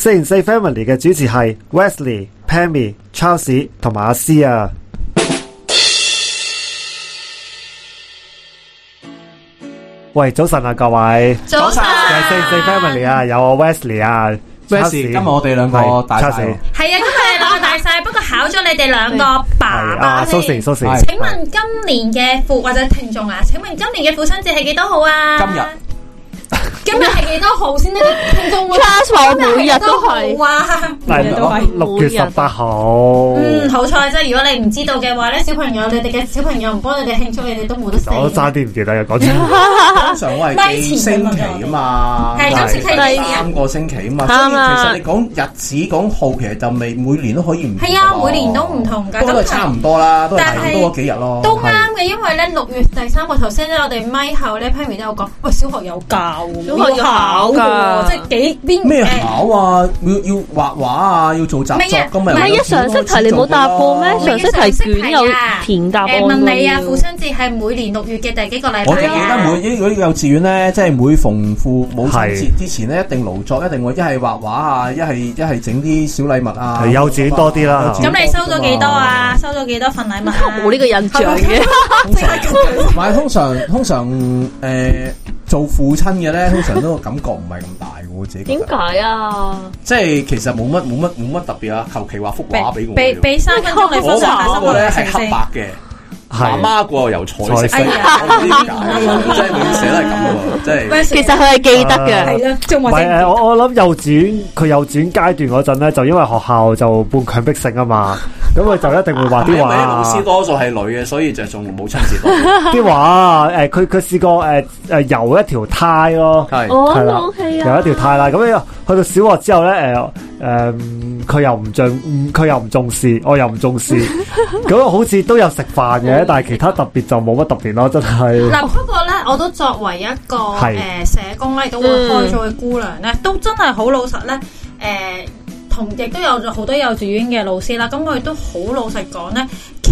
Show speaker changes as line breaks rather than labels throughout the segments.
四零四 family 嘅主持係 Wesley、Pammy、Charles 同埋阿 Sosze 啊！喂，早晨啊，各位，早晨安！四零四 family 啊，有我 Wesley 啊安，Charles，今日我哋兩個大
細係啊，今日兩個大細， 不過考咗你哋兩個爸
爸。Sosze，Sosze，請問
今年嘅父或者聽眾啊？請問今年嘅父親節係幾多號啊？今日。今日係幾多號先咧？慶祝會，今日每日都係，
嚟都係六
月十八號。嗯，
好彩啫！如果你唔知道嘅話咧，
小朋友，你哋嘅小朋友唔幫你哋慶祝，你哋都冇得升。我差啲唔記得，講錯咗。咪幾星期啊嘛？係今星期三個星期啊嘛？啱啊。其實你講日子講號，其實就未每年都可以唔同。係
啊，每年都唔同嘅，都係差唔
多啦，都係差唔多幾日咯。都啱
嘅，因為咧六月第三個頭先咧，我哋咪後咧，批面都有講，喂，小學有教。
要考
噶，即係幾邊咩考啊？要要畫畫啊，要做習作。今日咪唔係一常識題，你冇答過咩？常識題卷有填答？誒，問你啊，父
親節係每年六月嘅第幾個禮拜啊？我
記得每如果幼稚園咧，即係每逢父母親節之前咧，一定勞作，一定會一係畫畫啊，一係一係整啲小禮物啊，係幼稚園多啲啦。咁你
收咗幾多啊？收咗幾多份禮物？我冇呢個印象嘅。
通常，
唔係通常通常誒。做父親嘅咧，通常都感覺唔係咁大嘅，我自己。點解啊？即係其實冇乜冇乜冇乜特別啊，求其畫幅畫俾我。俾俾
三分鐘你分享下生活
嘅媽媽過後由彩色，我唔知點解，真係每寫都係咁喎，真係。其實佢係記得嘅，係咯。唔係，我
我諗幼稚園，佢幼稚園階段嗰陣咧，就因為學校就半強迫性啊嘛，咁佢就一定會畫啲畫。老師
多數係女嘅，所以就仲冇親切。
啲畫。誒，佢佢試過誒誒游一條呔咯，係係啦，游一條呔啦。咁樣去到小學之後咧，誒、啊。誒，佢、um, 又唔重，佢、嗯、又唔重視，我又唔重視，咁 好似都有食飯嘅，的但係其他特別就冇乜特別咯，真係。嗱、嗯，
不過咧，我都作為一個誒的、呃、社工咧，都會開咗嘅姑娘咧，都真係好老實咧，誒、呃，同亦都有好多幼稚園嘅老師啦，咁我亦都好老實講咧。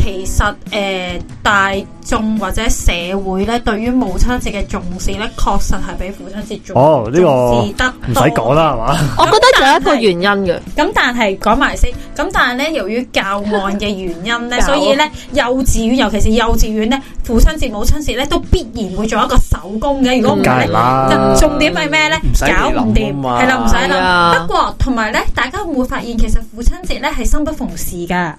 其實誒，大眾或者社會咧，對於母親節嘅重視咧，確實係比父親節重哦，重視得唔使講
啦，係嘛？
我覺得就係一個原因嘅。咁但係講埋先，咁但係咧，由於教案嘅原因咧，所以咧幼稚園，尤其是幼稚園咧，父親節、母親節咧，都必然會做一個手工嘅。如果唔係重點係咩咧？搞唔掂係啦，唔使諗。不過同埋咧，大家會唔會發現，其實父親節咧係生不逢時噶。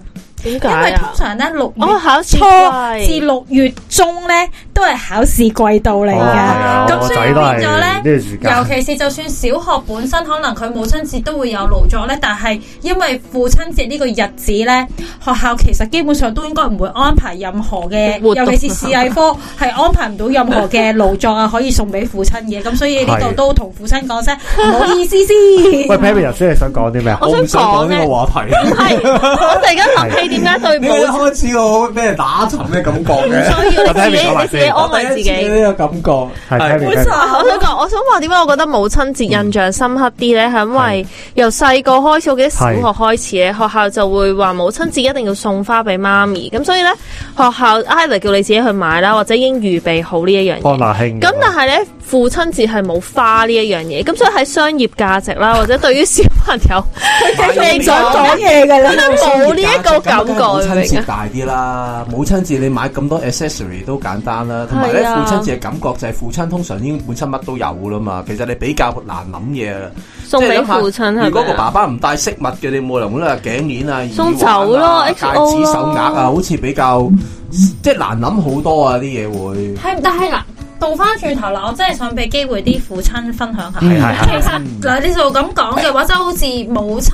因為通常咧，六月初至六月中咧都係考試季度嚟嘅。咁所以
變咗咧，尤其
是就算小學本身可能佢母親節都會有勞作咧，但係因為父親節呢個日子咧，學校其實基本上都應該唔會安排任何嘅，尤其是視藝科係安排唔到任何嘅勞作啊，可以送俾父親嘅。咁所以呢度都同父親講聲，唔好意思
先。喂，Perry，頭先你想講啲咩？我想講呢個話題，係
我突然間諗起。點解對我開始我俾人打沉咩感覺嘅？所以你你自己安慰自己，呢個感覺係。本身我想講，
我想話，點解我覺得母親節印象深刻啲咧？係、嗯、因為由細個開始，我記得小學開始咧，學校就會話母親節一定要送花俾媽咪，咁所以咧學校 either 叫你自己去買啦，或者已經預備好呢一樣嘢。咁但係咧，父親節係冇花呢一樣嘢，咁所以喺商業價值啦，或者對於小朋友佢哋未想講嘢噶啦，冇呢一個感。咁母親節
大啲啦，嗯、母親節你買咁多 accessory 都簡單啦，同埋咧父親節嘅感覺就係父親通常已經本身乜都有噶啦嘛，其實你比較難諗嘢。
送俾父親係，如果個爸爸
唔戴飾物嘅，你冇可能拎頸鏈啊、啊送走鐲咯、手指手鐲啊，好似比較即係難諗好多啊啲嘢會。
係，但係嗱。倒
翻轉頭嗱，我
真係
想俾機會啲父
親分享下。嗯，係其實嗱，你就咁講嘅話，真係好似母親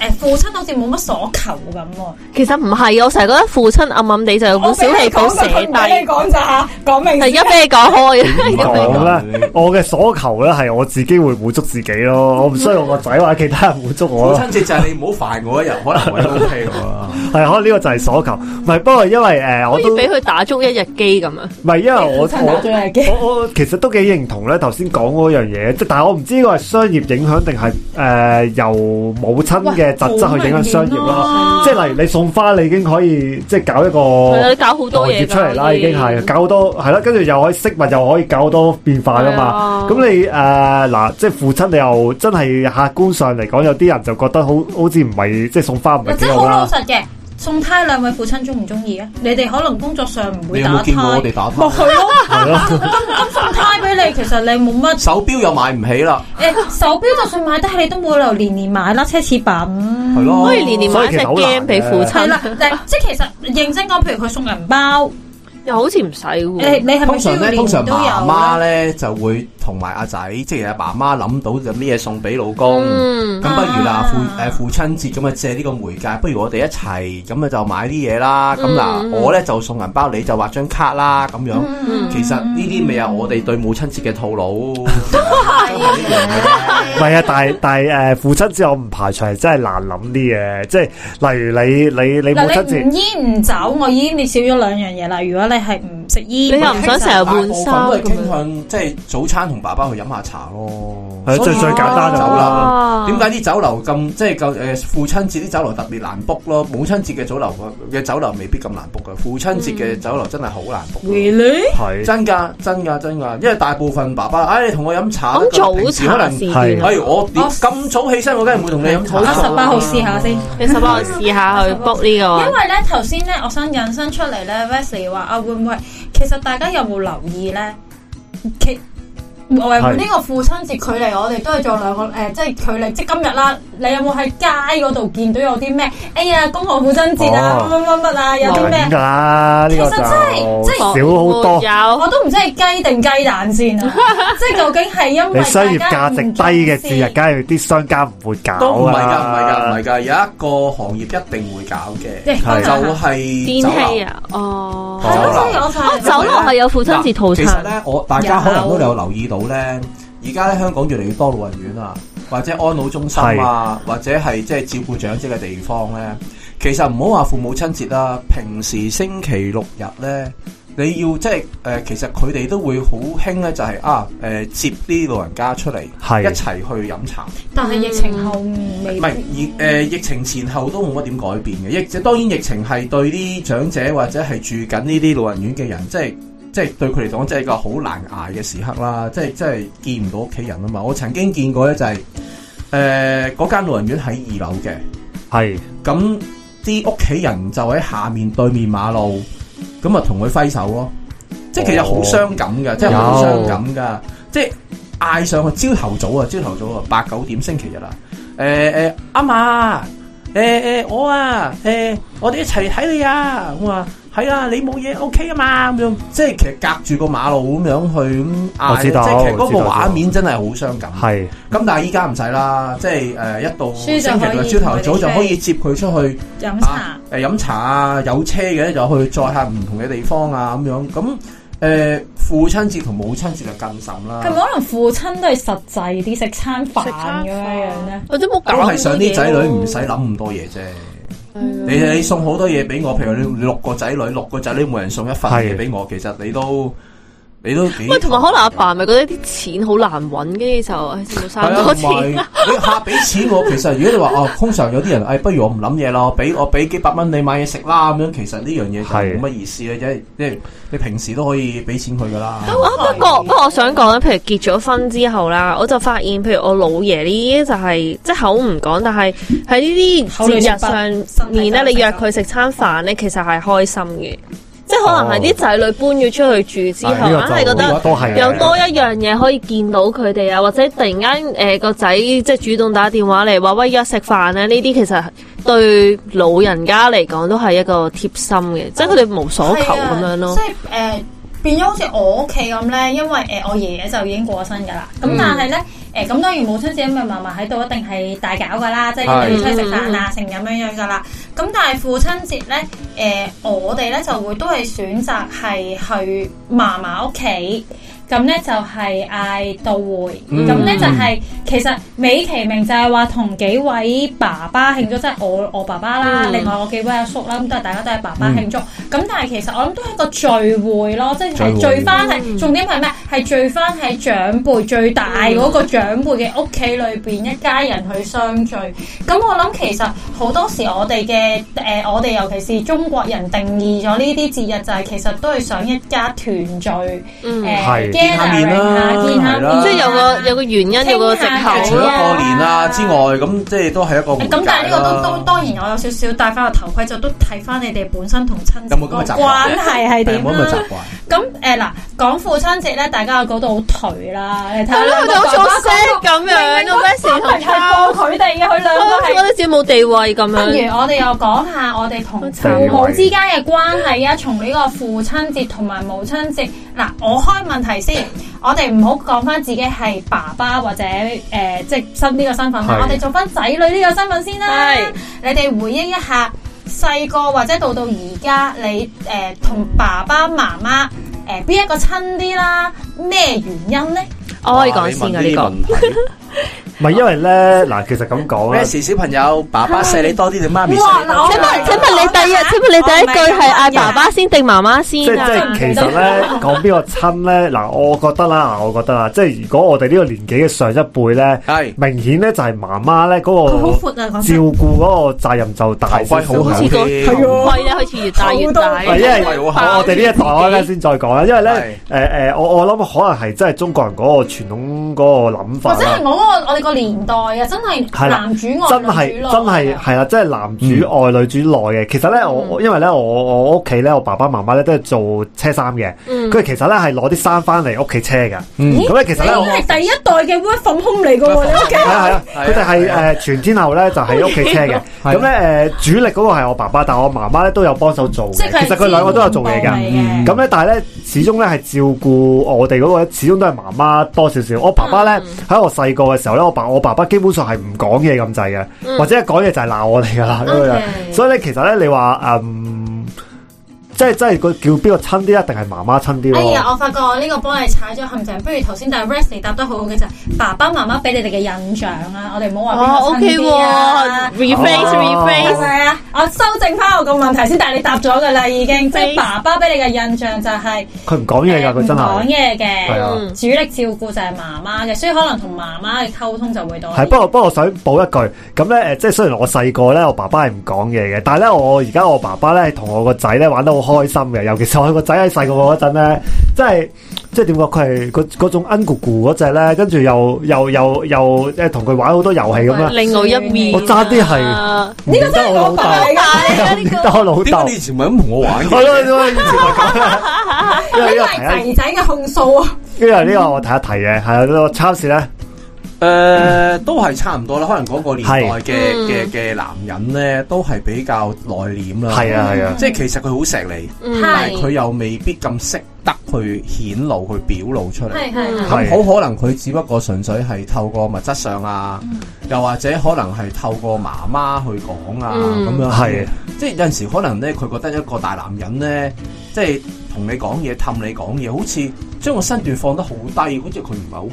誒父親好似冇乜所求咁喎。其實唔係，我成日覺得
父親暗暗地就有股小氣，好捨低。我俾你講咋講明，而家俾你
講開。講啦，
我嘅所求咧係我自己會滿足自己咯，我唔需要我個仔或者其他人滿足我。父親節
就係你唔好煩我一日，可能 OK 喎。
係，可能呢個就係所求。唔係，不過因為誒，我都可以
俾佢打足一日機咁啊。唔係，因為我我我我
其實都幾認同咧，頭先講嗰樣嘢，即係但係我唔知呢個係商業影響定係誒由母親嘅特質去影響商業啦。即係例如你送花，你已經可以即係搞一個係啊，搞好多嘢出嚟啦，已經係搞好多係啦，跟住又可以飾物，又可以搞好多變化㗎嘛。咁你誒嗱，即係父親，你又真係客觀上嚟講，有啲人就覺得好好似唔係即係送花唔
係幾好。送胎兩位父親中唔中意啊？你哋可能工作上唔會打胎。你有冇見過
我哋打胎係咯，
咁送胎俾你，其實你冇乜。
手錶又買唔起啦。
誒，手錶就算買得起，你都冇理由，年年買啦，奢侈品。係咯，可以年年買隻錶其俾父親啦，即係其實認真講，譬如佢送銀包，又好似
唔使喎。誒，你係咪需要年年都有
咧？就會。同埋阿仔，即係阿爸媽諗到就咩嘢送俾老公，咁、mm, 不如嗱父誒父親節咁啊借呢個媒介，不如我哋一齊咁啊就買啲嘢啦。咁嗱、mm.，我咧就送銀包，你就畫張卡啦。咁樣、mm. 其實呢啲咪係我哋對母親節嘅套路，
唔係啊！但係但係誒、啊、父親節我唔排除，真係難諗啲嘢。即係
例如你你你母親節煙
唔走，我已經你少咗兩樣嘢啦。如果你係唔食煙，你又唔想成日換衫，都係傾向、
嗯、即係早餐。爸爸去飲下茶咯，最最簡單就酒樓。點解啲酒樓咁即係舊誒父親節啲酒樓特別難 book 咯？母親節嘅酒樓嘅酒樓未必咁難 book 噶，父親節嘅酒樓真係好難 book。兒女係真噶真噶真噶，因為大部分爸爸誒同我飲茶，可能係。例如我咁早起身，我梗係唔會同你飲早茶啦。十八號試下先，你十八
號
試下去 book 呢個。因
為咧，頭先咧，我想引申出嚟咧 Wesley 話啊，會唔會？其實大家有冇留意咧？我呢個父親節距離我哋都係做兩個誒，即係距離即今日啦。你有冇喺街嗰度見到有啲咩？哎呀，公賀父親節啊，乜乜乜啊，有啲咩？噶
真呢個就少好多。
有我都唔知係雞定雞蛋先即係究竟係因為商業價值
低嘅節日，梗係啲商家唔會搞。都唔係噶，唔係噶，唔
係噶，有一個行業一定會搞嘅，即係就係。
電器啊，哦，係咯，所以我發覺，哦，酒樓係有父親節套餐咧。我大家可能都有
留意到。好咧！而家咧，香港越嚟越多老人院啊，或者安老中心啊，是或者係即係照顧長者嘅地方咧。其實唔好話父母親節啦，平時星期六日咧，你要即係誒、呃，其實佢哋都會好興咧，就係啊誒、呃，接啲老人家出嚟是一齊去飲茶。
但係疫情後未？唔
係、嗯、疫誒、呃，疫情前後都冇乜點改變嘅。疫即係當然，疫情係對啲長者或者係住緊呢啲老人院嘅人，即係。即係對佢嚟講，即、就、係、是、個好難挨嘅時刻啦。即係即係見唔到屋企人啊嘛。我曾經見過咧、就是，就係誒嗰間老人院喺二樓嘅，係咁啲屋企人就喺下面對面馬路，咁啊同佢揮手咯。即係其實好傷感噶，哦、即係好傷感噶。有即係嗌上去，朝頭早啊，朝頭早啊，八九點星期日啊。誒、欸、誒，阿、欸、嫲，誒誒、欸欸，我啊，誒、欸，我哋一齊嚟睇你啊！我、嗯、話、啊。係啊，你冇嘢 O K 啊嘛，咁樣即係其實隔住個馬路咁樣去，咁我知道，即係其實嗰個畫面真係好傷感。係咁是，但係依家唔使啦，即係誒、呃，一到星期六朝頭早上就可以接佢出去飲、啊呃、茶，誒飲茶啊，有車嘅就去載客唔同嘅地方啊，咁樣咁誒、呃，父親節同母親節就更甚啦。佢
可能父親都係實際啲，食餐飯咁樣樣咧，我都冇搞。都係想啲仔女唔
使諗咁多嘢啫。你你送好多嘢俾我，譬如你六個仔女六個仔女每人送一份嘢俾我，是的 其實你都。你都唔係，同
埋可能阿爸咪覺得啲錢好難搵，跟住就生多錢，啊 。
你下俾錢我，啊，其實如果你話啊，哦，通常有啲人誒，哎，不如我唔諗嘢咯，俾我俾幾百蚊你買嘢食啦，咁樣其實呢樣嘢係冇乜意思嘅，啊，啫。即係的你，你平時都可以俾錢佢噶啦。
啊，的不過我我想講咧，譬如結咗婚之後啦，我就發現譬如我老爺呢就係、是，即係口唔講，但係喺呢啲節日上面咧，你約佢食餐飯咧，其實係開心嘅。即係可能係啲仔女搬咗出去住之後，硬係、哎這個、覺得有多一樣嘢可以見到佢哋啊，或者突然間誒、呃、個仔即係主動打電話嚟話喂，而家食飯咧，呢啲其實對老人家嚟講都係一個貼心嘅，嗯、即係佢哋無所求咁樣咯。即係誒變咗好似我屋企咁
咧，因為誒、呃、我爺爺就已經過咗身噶啦，咁但係咧。嗯誒咁當然母親節咪嫲嫲喺度一定係大搞㗎啦，是即係你哋出去食飯啊成咁樣樣㗎啦。咁 但係父親節咧，誒、呃、我哋咧就會都係選擇係去嫲嫲屋企。咁咧就係嗌到會，咁咧、嗯、就係、是嗯、其實美其名就係話同幾位爸爸慶祝，即、就、係、是、我我爸爸啦，嗯、另外我幾位阿叔啦，咁都係大家都係爸爸慶祝。咁、嗯、但係其實我諗都係一個聚會咯，即係聚翻係重點係咩？係聚翻喺長輩最大嗰個長輩嘅屋企裏邊一家人去相聚。咁、嗯、我諗其實好多時我哋嘅誒，我哋尤其是中國人定義咗呢啲節日，就係其實都係想一家團聚。嗯，是嗯
嗯年下面啦，下面啦，即係有個
有個原因，有個
藉口。除咗過年啊之外，咁即係都係一個咁，但係呢個都都
當然我有少少戴翻個頭盔，就都睇翻你哋本身同親戚關係係點啦。咁誒嗱，講父親節咧，大家又覺得好頹啦。睇到佢哋好做死咁樣，都係靠佢哋嘅，
佢兩個係覺得自己冇地位咁樣。不如我哋又
講下我哋同父母之間嘅關係啊，從呢個父親節同埋母親節。嗱、啊，我開問題先，我哋唔好講翻自己係爸爸或者誒、呃，即係親呢個身份啦是、啊，我哋做翻仔女呢個身份先啦。是你哋回憶一下細個或者到到而家，你誒同、呃、爸爸媽媽誒邊一個親啲啦？咩原因咧？我可以講先㗎呢、這個。
咪因為咧嗱，其實咁講咧，小朋友爸爸錫你多啲，你媽咪錫你？請問
請問你第一請問你第一句係嗌爸爸先定媽媽先？即即係其實咧
講邊個親咧嗱，我覺得啦，我覺得啊，即係如果我哋呢個年紀嘅上一輩咧，係明顯咧就係媽媽咧嗰個照顧嗰個責任就大。好，好重啲，係咯，因
為越大越大，因為我哋呢
一代咧先再講啦，因為咧誒誒，我我諗可能係真係中國人嗰個傳統嗰個諗法啦。
我我哋個年代啊，真係男主外女主內，真
係真係係啦，真係男主外女主內嘅。其實咧，我因為咧，我我屋企咧，我爸爸媽媽咧都係做車衫嘅。佢哋其實咧係攞啲衫翻嚟屋企車噶。咁咧其實咧，我係第
一代嘅 work from home 嚟噶喎。係啊係啊，佢哋係
誒全天候咧就喺屋企車嘅。咁咧誒主力嗰個係我爸爸，但係我媽媽咧都有幫手做嘅。其實佢兩個都有做嘢嘅。咁咧但係咧始終咧係照顧我哋嗰個始終都係媽媽多少少。我爸爸咧喺我細個。時候咧，我爸我爸爸基本上係唔講嘢咁滯嘅，或者講嘢就係鬧我哋噶啦。Okay. 所以咧，其實咧，你話誒。即係即係個叫邊個親啲，一定係媽媽親啲。哎呀，我發覺呢個
幫你踩咗陷阱。不如頭先但係 Wesley 答得好好嘅就係、是、爸爸媽媽俾你哋嘅印象、哦 okay 哦、rephrase，啊，我哋唔好話邊個親 OK 啊，我修正翻我個問題先。但係你答咗㗎啦，已經 base? 即係爸爸俾你嘅印象就係
佢唔講嘢㗎，佢、呃、真係唔講嘢嘅，嗯、
主力照顧就係媽媽嘅，所以可能同媽媽嘅溝通就會
多啲。係，不過不過我想補一句咁咧，即係雖然我細個咧，我爸爸係唔講嘢嘅，但係咧我而家我爸爸咧同我個仔咧玩得好。開心嘅，尤其是我個仔喺細個嗰陣咧，即係即係點講？佢係嗰嗰種恩咕咕嗰隻咧，跟住又又又又即係同佢玩好多遊戲咁樣。另外
一面、啊，我揸啲係呢個真係、哎、老豆，
呢老豆。以前咪唔係咁同
我玩， 因呢個
係仔仔嘅控訴
啊！呢個呢個我提一 我提嘅係呢個超市咧。誒，
都係差唔多啦。可能嗰個年代嘅嘅嘅男人咧，都係比較內斂啦。係啊係啊，即係其實佢好錫你，但係佢又未必咁識得去顯露去表露出嚟。係係係，好可能佢只不過純粹係透過物質上啊，又或者可能係透過媽媽去講啊咁樣。係，即係有陣時可能咧，佢覺得一個大男人咧，即係。同你講嘢氹你講嘢，好似將個身段放得好低，好似佢唔係好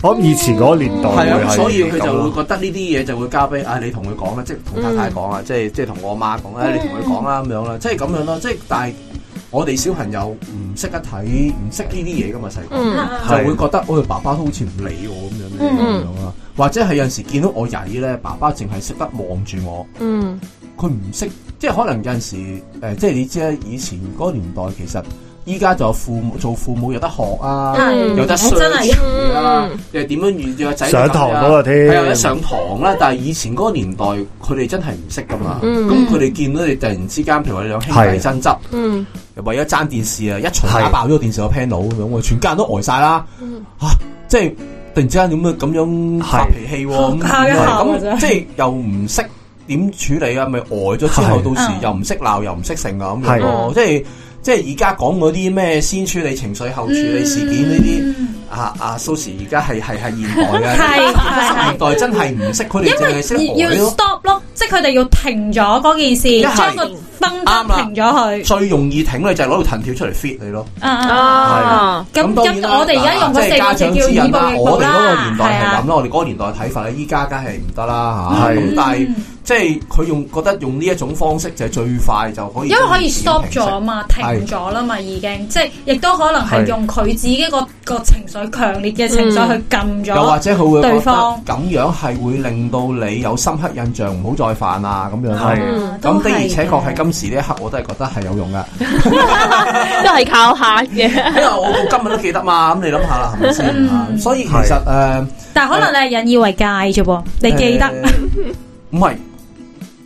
慣。
咁以前嗰年代係啊， 他是 所以佢就會
覺得呢啲嘢就會交俾啊你同佢講啦，即係同太太講啊，即係即係同我阿媽講啊，你同佢講啦咁樣啦，即係咁樣咯。即係但係我哋小朋友唔識得睇，唔識呢啲嘢噶嘛，細個就會覺得我哋、嗯哎、爸爸都好似唔理我咁樣咁樣，或者係有陣時見到我曳咧，爸爸淨係識得望住我，佢唔識，即係可能有陣時誒，即係你知啦，以前嗰年代其實。依家就父母做父母有得學啊，有得學啊，又點樣與個仔上堂嗰個添，係啊一上堂啦。但係以前嗰個年代，佢哋真係唔識噶嘛。咁佢哋見到你突然之間，譬如話你兩兄弟爭執，又為咗爭電視啊，一嘈打爆咗個電視個 panel 咁樣，我全家人都呆晒啦。吓，即係突然之間點樣咁樣發脾氣咁，咁即係又唔識點處理啊？咪呆咗之後，到時又唔識鬧，又唔識成啊咁樣即係。即係而家講嗰啲咩先處理情緒後處理事件呢啲啊啊！蘇西而家係係係現代嘅，年代真係唔識佢哋，淨係要
stop 咯，即係佢哋要停咗嗰件事，將個崩崩停
咗佢。最容易停咧就攞條藤條出嚟 fit 你咯。
啊啊！咁我哋而家用個家長指引，我哋嗰個年代係咁
咯，我哋嗰個年代睇法咧，依家梗係唔得啦嚇，但係。即係佢用，覺得用呢一種方式就係最快就可以，因為可以 stop 咗嘛，停咗
啦嘛，已經即係，亦都可能係用佢自己個個情緒強烈嘅情緒去禁咗對方，又或者佢會覺得，
咁樣係會令到你有深刻印象，唔好再犯啊咁樣。係咁的，而且確喺今時呢一刻，我都係覺得係有用噶，
都係靠下嘅。因為
我今日都記得嘛，咁你諗下啦，係咪先？所以其實誒，但係可能
你係引以為戒啫噃，你記得
唔係。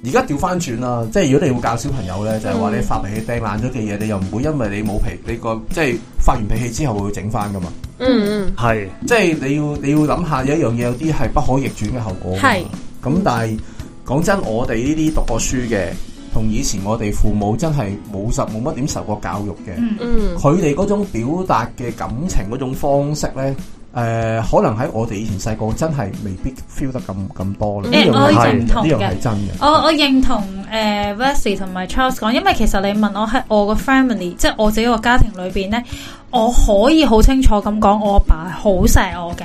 而家調翻轉啦，即係如果你要教小朋友咧，就係、是、話你發脾氣掟爛咗嘅嘢，嗯、你又唔會因為你冇脾，你個即係發完脾氣之後會整翻噶嘛？嗯嗯，係，即係你要你要諗下有一樣嘢，有啲係不可逆轉嘅後果。係、嗯，咁但係講、嗯、真，我哋呢啲讀過書嘅，同以前我哋父母真係冇受冇乜點受過教育嘅。嗯，佢哋嗰種表達嘅感情嗰種方式咧。誒、呃，可能喺我哋以前細個真係未必 feel 得咁咁多呢樣係呢樣係真嘅。我、嗯、
是我認同誒 Wesley 同埋、呃、Charles 講，因為其實你問我喺我個 family，即係我自己個家庭裏邊咧，我可以好清楚咁講，我阿爸係好錫我嘅。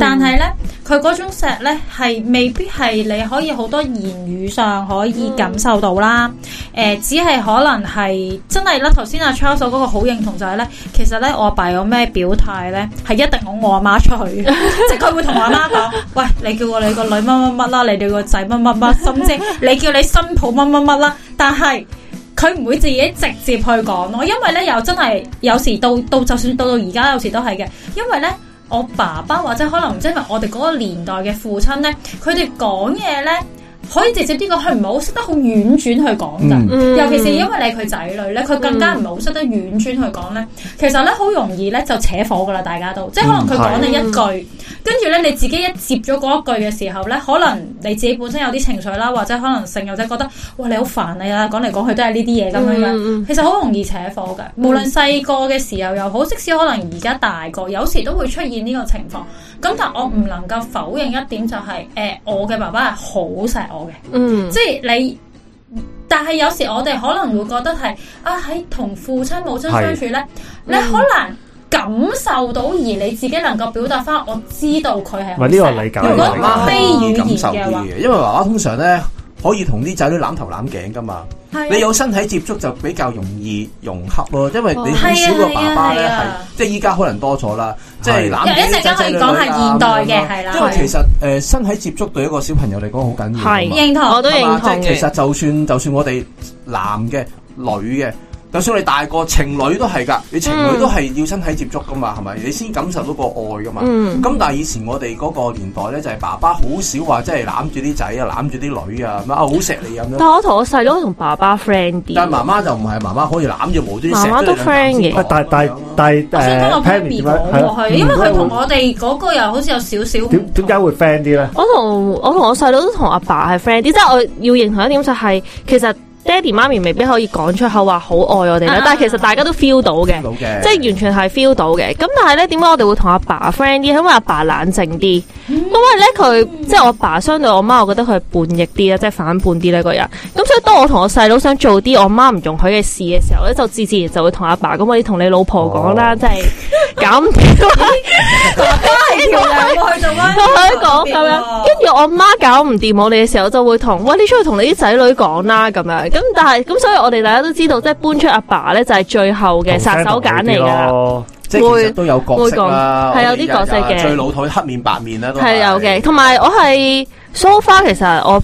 但係咧，佢嗰種石咧，係未必係你可以好多言語上可以感受到啦。誒、嗯呃，只係可能係真係啦。頭先阿 Charles 嗰個好認同就係咧，其實咧我阿爸有咩表態咧，係一定拱我阿媽出去， 即係佢會同阿媽講：， 喂，你叫我你個女乜乜乜啦，你哋個仔乜乜乜，甚至你叫你新抱乜乜乜啦。但係佢唔會自己直接去講咯，因為咧又真係有時到到就算到到而家有時都係嘅，因為咧。我爸爸或者可能即係我哋嗰個年代嘅父親咧，佢哋講嘢咧，可以直接啲、這、嘅、個，佢唔係好識得好婉轉去講噶。嗯、尤其是因為你係佢仔女咧，佢更加唔係好識得婉轉去講咧。嗯、其實咧好容易咧就扯火噶啦，大家都即係可能佢講你一句。嗯嗯跟住咧，你自己一接咗嗰一句嘅時候咧，可能你自己本身有啲情緒啦，或者可能性，日都係覺得，哇你好煩你、啊、啦，講嚟講去都係呢啲嘢咁樣。嗯、其實好容易扯火嘅，無論細個嘅時候又好，即使可能而家大個，有時都會出現呢個情況。咁但我唔能夠否認一點，就係，就係誒，我嘅爸爸係好錫我嘅，嗯、即係你。但係有時我哋可能會覺得係啊，喺、哎、同父親母親相處咧，嗯、你可能。感受到而你自己能夠表達翻，我知道佢係。唔係呢個理解，如果非語言嘅
話，因為爸爸通常咧可以同啲仔女攬頭攬頸噶嘛。你有身體接觸就比較容易融合咯，因為你好少個爸爸咧係，即係依家可能多咗啦。即係一陣間可以講係現代嘅，係啦。因為其實誒身體接觸對一個小朋友嚟講好緊要。係認同，我都認同，其實就算就算我哋男嘅、女嘅。就算你大個，情侶都係噶，你情侶都係要身體接觸噶嘛，係咪？你先感受到個愛噶嘛。咁但係以前我哋嗰個年代咧，就係爸爸好少話，即係攬住啲仔啊，攬住啲女啊，咁啊好錫你咁樣。但係我
同我細佬同
爸爸 friend 啲。但係媽媽就唔係媽媽可以攬住無端端。媽媽都 friend 嘅。但但但但，聽邊個講過去？因為佢同
我哋嗰個又好似有少少
點解會 friend 啲咧？我
同我同我細佬都同阿爸係 friend 啲，即係我要認同一點就係其實。爹哋媽咪未必可以講出口話好愛我哋咧，啊、但係其實大家都 feel 到嘅，啊、即係完全係 feel 到嘅。咁、啊、但係咧，點解我哋會同阿爸 friend 啲？因為阿爸冷靜啲，因為咧佢即係我爸相對我媽我覺得佢係叛逆啲啦，即係反叛啲咧個人。當我同我細佬想做啲我媽唔容許嘅事嘅時候咧，就自自然就會同阿爸咁，我哋同你老婆講啦，即係、哦、搞唔掂、 哎，跟住我阿媽搞唔掂我哋嘅時候，就會同，喂、哎，你出去同你啲仔女講啦，咁樣。咁但係咁，所以我哋大家都知道，即係搬出阿爸咧，就係、是、最後嘅殺手鐧嚟噶，同同
會即係其實都有角色啦，係有啲角色嘅，最老土黑面白面啦，係、okay，有
嘅。同埋我係 Sosze，其實我。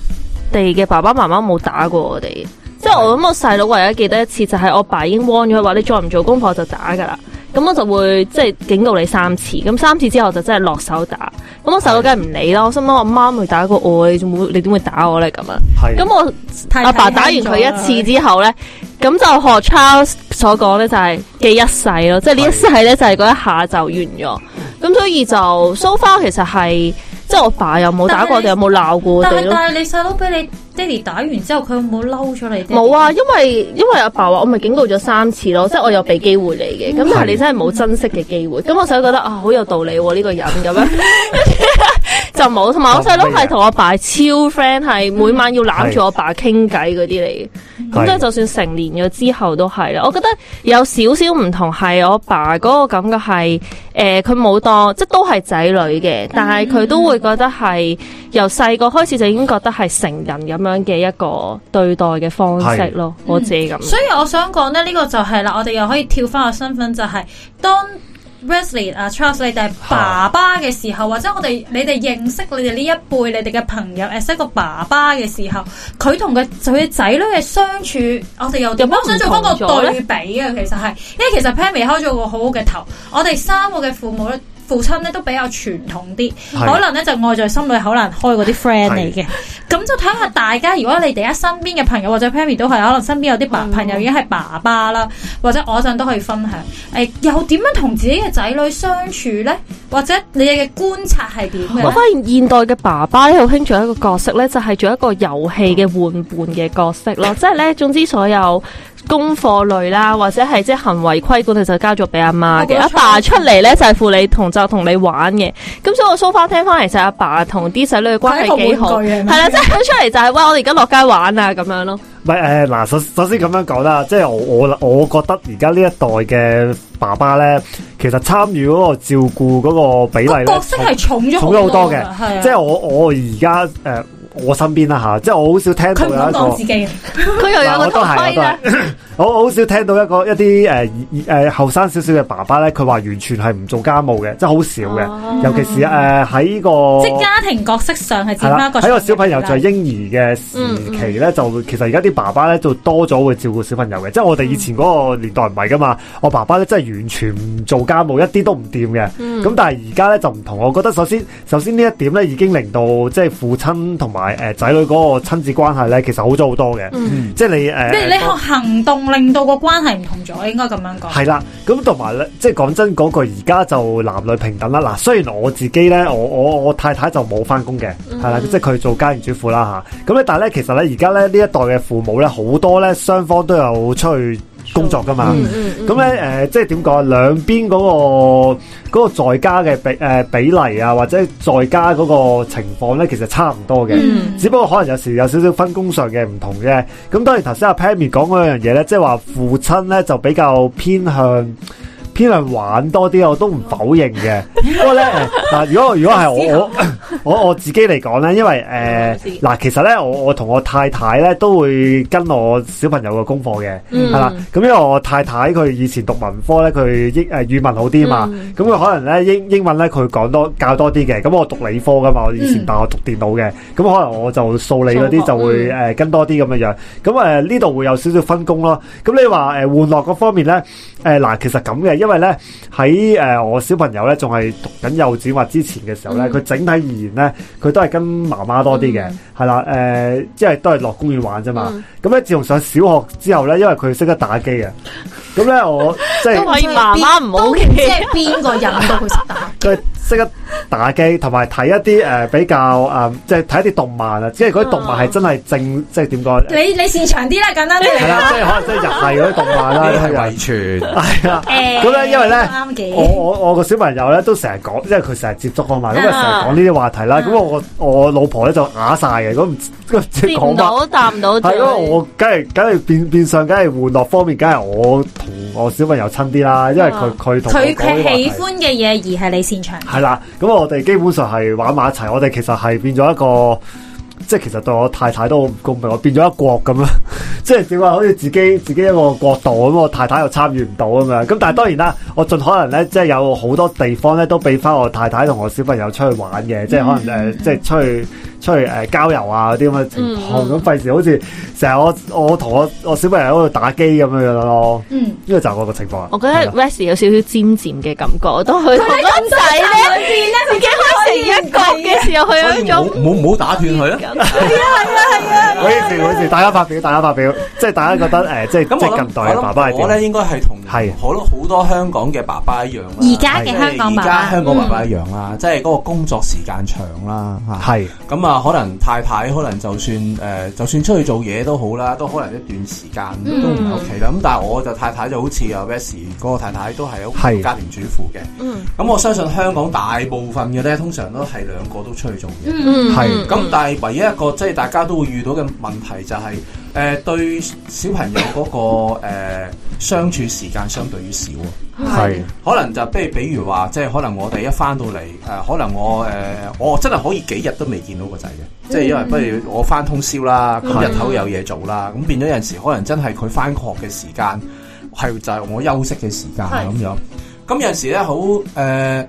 哋嘅爸爸媽媽冇打過我哋，即係我諗我細佬唯一記得一次就係、是、我爸,爸已經 warn 咗佢話你再唔做功課就打噶啦，咁我就會即係警告你三次，咁三次之後就真係落手打，咁我細佬梗係唔理咯，我心諗我媽咪打過我，你點會打我呢？咁啊是？咁
我阿爸,爸打完佢一次之
後呢，咁是就學 Charles 所講呢就係記一世咯，是即係呢一世呢就係嗰一下就完咗，咁所以就 so far 其實係。即係我爸又冇打過我哋，是有冇鬧過我哋咯。但係但
係你細佬俾你爹哋打完之後，佢有冇嬲咗你？冇啊，因
為因為阿爸話我咪警告咗三次咯，真是 即係我有俾機會你嘅。咁、嗯、但係你真係冇珍惜嘅機會。咁、嗯嗯、我細佬覺得、嗯、啊，好有道理呢、啊嗯、個人咁樣。嗯 就冇，同埋我細佬係同我阿爸超 friend，係每晚要攬住我阿爸傾偈嗰啲嚟嘅。咁即係就算成年咗之後都係啦。嗯、我覺得有少少唔同係，我爸嗰個感覺係，誒、呃，佢冇當，即都係仔女嘅，但係佢都會覺得係由細個開始就已經覺得係成人咁樣嘅一個對待嘅方式咯。嗯、我自己咁、嗯。所
以我想講咧，呢、這個就係啦，我哋又可以跳翻個身份、就是，就係當。Wesley 啊，Charles 咧，就係、uh, oh. 爸爸嘅時候，或者我哋你哋認識你哋呢一輩，你哋嘅朋友，as 一個爸爸嘅時候，佢同嘅佢仔女嘅相處，我哋又，又點樣，我想做翻個對比啊，其實係，因為其實 Pammy 開咗個好好嘅頭，我哋三個嘅父母咧。父親咧都比較傳統啲，是可能咧就愛在心裏口難開嗰啲 friend 嚟嘅。咁是就睇下大家，如果你哋一身邊嘅朋友或者 Pammy 都係可能身邊有啲朋友已經係爸爸啦，嗯、或者我陣都可以分享，誒又點樣同自己嘅仔女相處咧？或者你哋嘅觀察係點？我發現
現代嘅爸爸咧好興做一個角色咧，就係做一個遊戲嘅玩伴嘅角色咯，嗯、即係咧，總之所有。功課類啦，或者係即係行為規管，其實交咗俾阿媽嘅。阿爸出嚟咧就係負你同就同你玩嘅。咁所以我梳翻聽翻，其實阿爸同啲仔女嘅關係幾好。係啦，即係出嚟就係喂，我哋而家落街玩啊咁樣咯。
唔係誒，嗱首首先咁樣講啦，即係我我我覺得而家呢一代嘅爸爸咧，其實參與嗰個照顧嗰個比例個角色係重咗重咗好多嘅。即係的我我而家誒。呃我身邊啦嚇，即係我好少聽到佢又講
自己，佢又
有好多。弟
好好少聽到一個一啲誒誒後生少少嘅爸爸咧，佢話完全係唔做家務嘅，即係好少嘅。尤其是誒喺呢個即
係家庭角色上係係啦，喺個小朋友就係嬰
兒嘅時期咧，就其實而家啲爸爸咧就多咗會照顧小朋友嘅。即係我哋以前個年代唔係㗎嘛，我爸爸咧真係完全唔做家務，一啲都唔掂嘅。咁但係而家咧就唔同。我覺得首先首先呢一點咧已經令到即係父親同埋誒仔女個親子關係咧，其實好咗好多嘅。即係你誒即係你學
行動。令到個關係唔
同咗，應該咁樣講。係啦，咁同埋咧，即係講真嗰句，而家就男女平等啦。嗱，雖然我自己咧，我我我太太就冇翻工嘅，係、mm. 啦，即係佢做家庭主婦啦吓。咁咧，但係咧，其實咧，而家咧呢一代嘅父母咧，好多咧雙方都有出去。工作噶嘛，咁咧誒，即係點講啊？兩邊嗰、嗰個嗰個在家嘅比誒、呃、比例啊，或者在家嗰個情況咧，其實差唔多嘅。嗯、只不過可能有時有少少分工上嘅唔同啫。咁當然頭先阿 Pammy 講嗰樣嘢咧，即係話父親咧就比較偏向。偏向玩多啲，我都唔否認嘅。不過咧，嗱，如果如果係我 我我我自己嚟講咧，因為誒嗱、呃，其實咧我我同我太太咧都會跟我小朋友嘅功課嘅，係啦、嗯。咁因為我太太佢以前讀文科咧，佢英誒語文好啲啊嘛，咁佢、嗯、可能咧英英文咧佢講多教多啲嘅。咁我讀理科噶嘛，我以前大學讀電腦嘅，咁可能我就數理嗰啲就會誒跟多啲咁嘅樣。咁誒呢度會有少少分工咯。咁、嗯嗯嗯嗯嗯嗯、你話誒玩樂嗰方面咧，誒、呃、嗱其實咁嘅。因為咧喺誒我小朋友咧仲係讀緊幼稚園之前嘅時候咧，佢、嗯、整體而言咧佢都係跟媽媽多啲嘅，係啦誒，即係都係落公園玩啫嘛。咁咧、嗯、自從上小學之後咧，因為佢識得打機、嗯、啊，咁咧我即係都可以媽媽
唔好即係邊個人都佢識打。 她 即刻
打機，同埋睇一啲誒比較誒，即係睇一啲動漫啊。即係嗰啲動漫係真係正，即係點講？你
你擅長啲啦，簡單啲。係啊，即
係可能即係入係嗰啲動漫啦，係遺傳係啊。咁咧，因為咧，我我我個小朋友咧都成日講，因為佢成日接觸嘛，咁都成日講呢啲話題啦。咁我我老婆咧就啞晒嘅，咁唔即係講翻答唔到。係咯，我梗係梗係變變相，梗係玩樂方面，梗係我同我小朋友親啲啦。因為佢佢同佢佢喜
歡嘅嘢，而係你擅長。嗱，
咁我哋基本上係玩埋一齊，我哋其實係變咗一個，即係其實對我太太都好唔公平，我變咗一國咁啊，即係點啊，好似自己自己一個國度咁，我太太又參與唔到啊嘛，咁但係當然啦，我盡可能咧，即係有好多地方咧都俾翻我太太同我小朋友出去玩嘅。嗯、即係可能誒，即係出去。出去誒郊遊啊啲咁嘅情況，咁費事好似成日我我同我我小朋友喺度打機咁樣樣咯，呢個就係我個情況。我
覺得 Wes 有少少尖尖嘅感覺，當佢同阿仔咧自己開成一個嘅時候，佢嗰種唔好
唔好打斷佢啊！
係
啊係啊係啊！好事好事，大家發表大家發表，即係大家覺得誒，即係近代嘅爸爸咧應該係同係好多好多香港嘅爸爸一樣，而家嘅香港爸爸一樣啦，即係嗰個工作時間長啦嚇，係咁啊。可能太太可能就算誒、呃，就算出去做嘢都好啦，都可能一段時間都唔 OK 啦。咁、嗯、但係我就太太就好似阿 Wesley 個太太都係一個家庭主婦嘅。咁是我相信香港大部分嘅咧，通常都係兩個都出去做嘢。係咁、嗯，是但係唯一一個即係、就是、大家都會遇到嘅問題就係、是。誒、呃，對小朋友嗰、那個誒、呃、相處時間相對於少係、啊、是可能就比如，比如話，即係可能我哋一翻到嚟誒、呃，可能我誒、呃，我真係可以幾日都未見到個仔嘅，嗯、
即係因為不如
我翻通宵啦，咁、嗯、日頭有嘢做啦，咁是變咗有陣時，可能真係佢翻學嘅時間係就係我休息嘅時間咁樣。咁是有陣時咧，好誒、呃，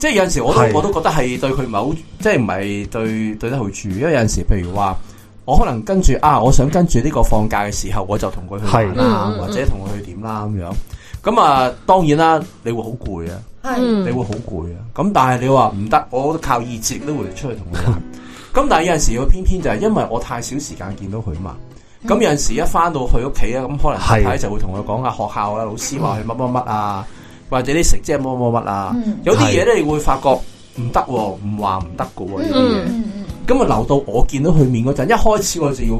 即係有陣時我都是我都覺得係對佢唔係好，即係唔係對對得好處，因為有陣時譬如話。我可能跟住啊，我想跟住呢個放假嘅時候，我就同佢去玩啦，是或者同佢去點啦咁樣。咁啊，當然啦，你會好攰啊，是你會好攰啊。咁、嗯、但係你話唔得，我靠意志都會出去同佢玩。咁是但係有陣時，我偏偏就係因為我太少時間見到佢嘛。咁有陣時一翻到去屋企啊，咁可能太太就會同佢講下學校啊，老師話去乜乜乜啊，或者啲食即係乜乜乜啊。有啲嘢咧，你會發覺唔得，唔話唔得呢啲嘢。是咁啊，留到我見到佢面嗰陣，一開始我就要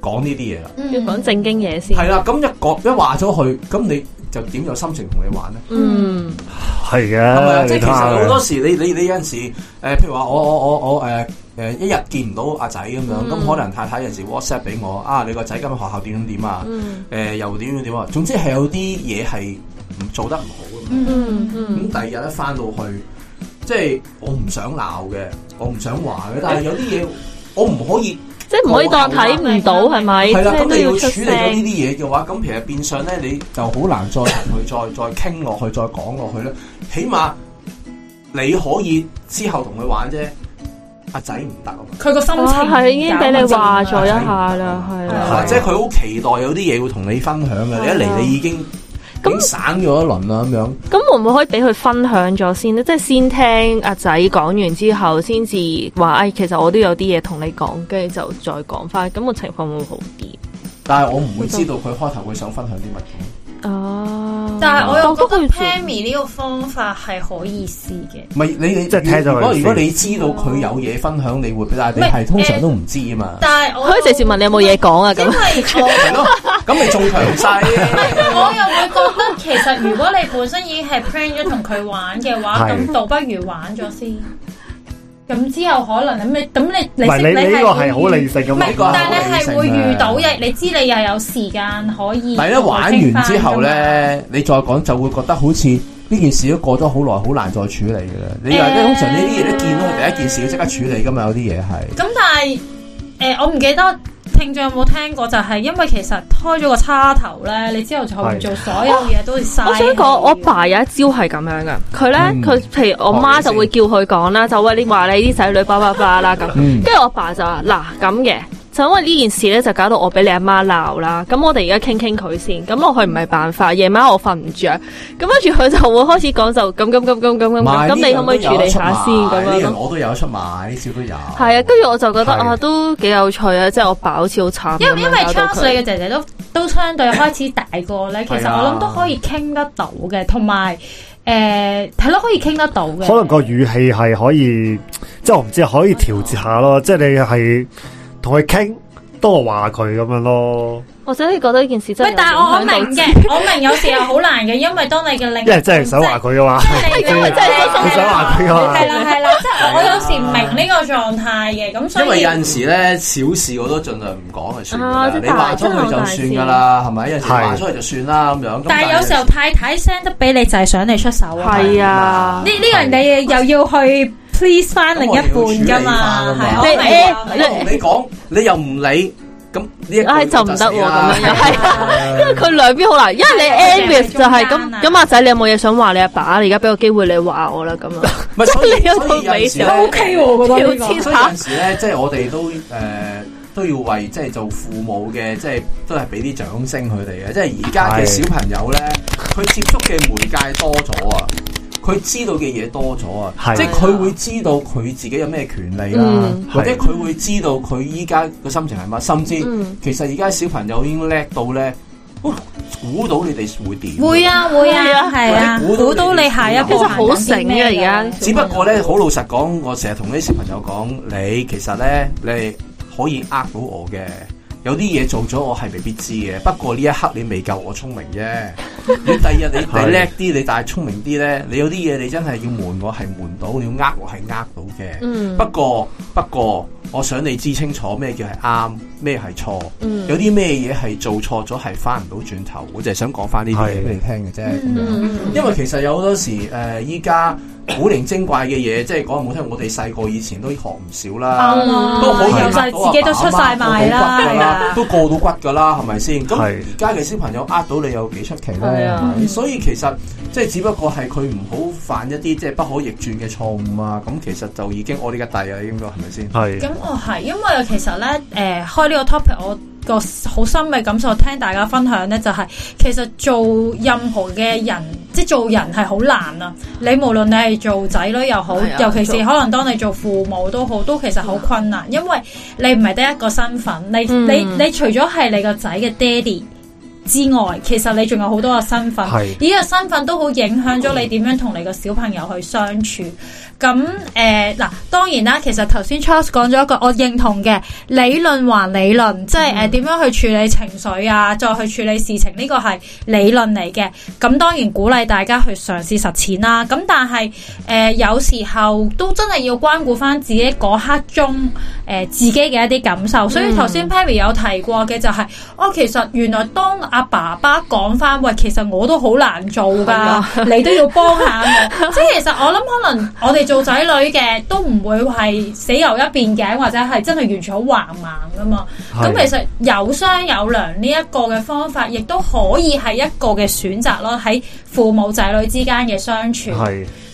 講呢啲嘢啦，要
講正經嘢先。係啦，咁
一講一話咗佢，咁你就點有心情同你玩咧？嗯，
係嘅，係咪啊？即係其實好多時，
你你你有陣時，誒譬如話，我我我我誒誒一日見唔到阿仔咁樣，咁可能太太有時 WhatsApp 俾我啊，你個仔今日學校點點點啊？誒又點點點，總之係有啲嘢係唔做得唔好啊嘛。嗯，咁第二日一翻到去。即係我唔想鬧嘅，我唔想話嘅，但係有啲嘢我唔可以，即係唔可以當睇唔到係咪？係啦，咁你要處理嗰啲嘢嘅話，咁其實變相咧，你就好難再同佢再再傾落去，再講落去咧。起碼你可以之後同佢玩啫。阿仔唔得，
佢個心情係已經俾你話咗一下啦，係即係
佢好期待有啲嘢會同你分享嘅。你一嚟，你已經。省咗一輪啦，咁樣。
咁 會唔會可以俾佢分享咗先咧，即係先聽阿仔講完之後，先至話，哎，其實我都有啲嘢同你講，跟住就再講翻。咁，個情況會好啲。
但係我唔會知道佢開頭會想分享啲乜嘢。哦。 uh
但係我又
覺得 Pammy 呢個
方法係可以試嘅。
唔係你你即係聽咗，如果你知道佢有嘢分享，你會，但係你係通常都唔知啊嘛。
但係我可以直接問你有冇嘢講啊？咁係錯，咁你仲強勢。我又會覺得其實如
果你本身已經係 plan 咗同佢玩嘅話，咁倒不如玩咗先。咁之後可能咁你咁不你你是你你個係好理
性咁，不不但係你係會遇到
嘅。你知你又有時間可以。係咯，玩完之後咧，
你再講就會覺得好似呢件事都過咗好耐，好難再處理嘅啦。你話咧， 通常呢啲嘢一見到第一件事要即刻處理噶嘛，有啲嘢係。
咁但係誒、呃，我唔記得。聽眾有冇聽過？就係因為其實開咗個叉頭咧，你之後做唔做所有嘢都晒。我想
講，我爸爸有一招係咁樣嘅，佢咧，佢譬如我媽就會叫佢講啦，就話你話你啲仔女，巴拉巴拉啦咁，跟住我爸就話嗱咁嘅。就因為呢件事咧，就搞到我俾你阿媽鬧啦。咁我哋而家傾傾佢先。咁落去唔係辦法，夜晚我瞓唔着。咁跟住佢就會開始講就咁咁咁咁咁咁咁。咁你可唔可以處理下先咁樣咯？我
都有出賣，少
都有。係啊，跟住我就覺得啊，都幾有趣啊！即係我爆好似好慘。因因為 Charles 嘅姐姐
都都相對開始大個咧，其實我諗都可以傾得到嘅。同埋誒，係咯，可以傾得到嘅。可
能個語氣係可以，即係我唔知可以調節下咯。即係你係。同佢傾多話佢咁樣咯，
我想你覺得呢件事真？唔係，但係我我明嘅，我明有時係好難嘅，因為當你嘅另一即係想話
佢
嘅話，
即係想
話佢嘅，係啦係啦，即係
我有時唔明呢個狀態嘅，咁所以有陣時
咧小事我都盡量唔講就算，你話出嚟就算噶啦，係咪？有陣時話出嚟就算啦咁樣。但係有時候
太太 send 得俾你就係想你出手啊，係啊，呢呢個人你又要去。
please 翻另
一半噶嘛，你你你講你又唔理咁呢一個就唔得喎，咁樣係因為佢兩邊好難，因為你 a m b i u s 就係咁咁，阿仔，你有冇嘢想話你阿爸啊？你而家俾個機會你話我啦，咁啊，即係你有條尾，O K 喎，我覺得。所以有陣時咧，
即係我哋都誒都要為即係做父母嘅，即係都係俾啲掌聲佢哋嘅。即係而家嘅小朋友咧，佢接觸嘅媒介多咗啊。佢知道嘅嘢多咗啊，即係佢會知道佢自己有咩權利啊，或者佢會知道佢依家個心情係乜，甚至其實而家小朋友已經叻到咧，估到你哋會點會啊
會啊
係啊，
估到你
係啊，其實好醒啊而
家。只不過
咧，好老實講，我成日同啲小朋友講，你其實咧，你可以呃到我嘅。有啲嘢做咗我係未必知嘅，不過呢一刻你未夠我聰明啫。 你第二日你是你叻啲，你但係聰明啲咧，你有啲嘢你真係要瞞我係瞞到，要呃我係呃到嘅。嗯，不過不過，我想你知清楚咩叫係啱，咩係錯嗯，有啲咩嘢係做錯咗係翻唔到轉頭。我就係想講翻呢啲嘢俾你聽嘅啫。咁樣嗯， 因為其實有好多時誒，依、呃、家。古靈精怪嘅嘢，即係講唔好聽，我哋細個以前都學唔少啦，啊、都好，都自己都出晒賣啦，都過到骨噶啦，係咪先？咁而家嘅小朋友呃到你有幾出奇咧？所以其實即係只不過係佢唔好犯一啲即係不可逆轉嘅錯誤啊！咁其實就已經我呢個弟啊，應該係咪先？係是。咁
我係，因為其實咧，誒、呃，開呢個 topic 我。個好深嘅感受，聽大家分享呢、就是，就係其實做任何嘅人，即係做人係好難啊。你無論你係做仔女又好，的尤其是可能當你做父母都好，都其實好困難，的因為你唔係得一個身份，你、嗯、你你除咗係你個仔嘅爹哋之外，其實你仲有好多身的個身份，呢個身份都好影響咗你點樣同你個小朋友去相處。咁誒嗱，當然啦。其實頭先 Charles 講咗一個我認同嘅理論，還理論，嗯、即係誒點樣去處理情緒啊，再去處理事情，呢個係理論嚟嘅。咁當然鼓勵大家去嘗試實踐啦、啊。咁但係誒、呃、有時候都真係要關顧翻自己嗰刻中誒、呃、自己嘅一啲感受。所以頭先 Perry 有提過嘅就係、是，哦，其實原來當阿爸爸講翻喂，其實我都好難做噶，嗯、你都要幫下嘅。即係 其實我諗可能我哋。做仔女嘅都唔會係死牛一邊頸，或者係真係完全好橫硬噶嘛。咁是的 其實有商有量呢一個嘅方法，亦都可以係一個嘅選擇咯。喺父母仔女之間嘅相處。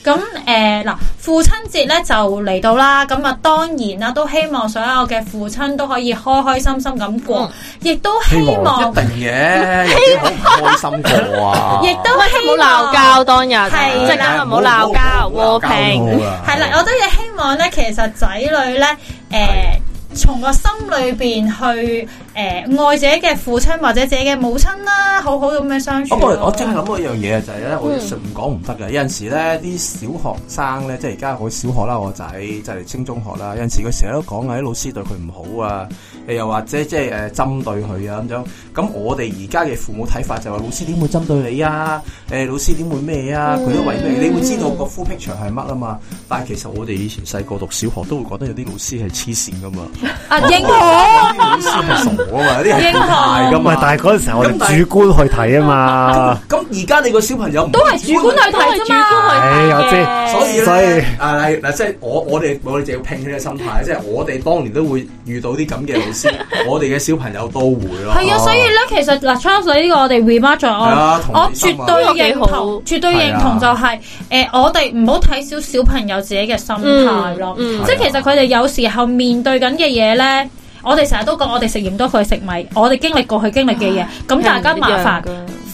咁誒嗱父親節咧就嚟到啦，咁、嗯、啊當然啦，都希望所有嘅父親都可以開開心心咁過，亦哇都希望，希
望一定嘅 開心心嘅亦
都希望冇鬧交當日，即係唔好鬧交和平。係啦， 我都要希望咧，其實仔女咧
誒、呃，從個心裏邊去。誒、呃，愛者嘅父親或者自己嘅母親啦、啊，好好咁樣相處、啊。我正係諗
到一樣嘢就係、是、咧，嗯、我唔講唔得嘅。有陣時咧，啲小學生咧，即係而家我小學啦，我仔就嚟升中學啦。有陣時佢成日都講啊，啲老師對佢唔好啊，又或者即係誒、呃、針對佢啊咁樣。咁我哋而家嘅父母睇法就係、是、話，老師點會針對你啊？誒，老師點會咩啊？佢都為咩？嗯、你會知道個 Full Picture 係乜啊嘛？但係其實我哋以前細個讀小學都會覺得有啲老師係黐線噶嘛。啊，英我話啲人係咁啊，但係嗰
陣時候我哋主觀去睇啊嘛。
咁而家你個小朋友都係主觀去睇啫嘛。唉，我知，所以所以啊，嗱，即係我我哋我哋就要拼起 c 個心態，即係我哋當年都會遇到啲咁嘅老師，我哋嘅小朋友都會咯。係啊，所以
咧，其實嗱，Charles 呢個我哋 remark 咗，我我絕對認同，絕對認同就係誒，我哋唔好睇少小朋友自己嘅心態咯。即係其實佢哋有時候面對緊嘅嘢咧，我哋成日都講，我哋食鹽多，佢食米。我哋經歷過佢經歷嘅嘢，咁大家麻煩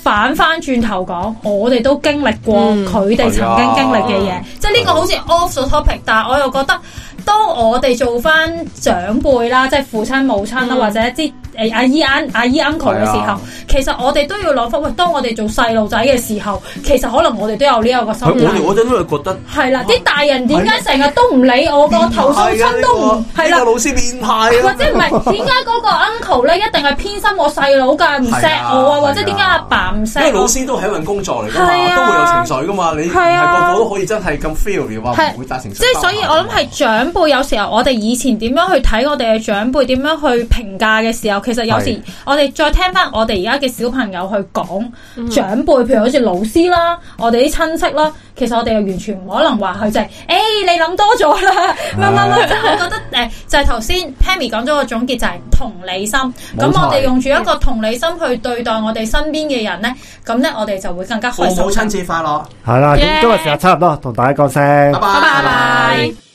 反翻轉頭講，我哋都經歷過佢哋曾經經歷嘅嘢，嗯哎、即係呢個好似 off the topic，嗯、但係我又覺得，當我哋做翻長輩啦，即係父親母親啦，或者一啲。阿姨 Aunt 阿姨 Uncle 嘅時候，其實我哋都要攞翻。喂，當我哋做細路仔嘅時候，其實可能我哋都有呢一個心態，我哋嗰陣都係覺得係啦，啲大人點解成日都唔理我個投訴親都唔係啦，老師變態，或者唔係點解嗰個 Uncle 咧，一定係偏心我細佬㗎，唔錫我啊，或者點解阿爸唔錫？因為老師
都係一份工作嚟㗎嘛，都會有情緒㗎嘛，你唔係個個都可以真係咁 feel 嘅話，唔會達成。即係所以我
諗係長輩有時候，我哋以前點樣去睇我哋嘅長輩，點樣去評價嘅時候。其實有時我哋再聽翻我哋而家嘅小朋友去講、嗯、長輩，譬如好似老師啦，我哋啲親戚啦，其實我哋又完全唔可能話佢就係、是、誒、欸，你諗多咗啦，唔唔唔，我覺得誒、呃，就係頭先 Pammy 講咗個總結就係同理心，咁我哋用住一個同理心去對待我哋身邊嘅人咧，咁咧我哋就會更加開心。母親節快樂，係啦，yeah、今日
時間差唔多，同大家講聲，
拜拜。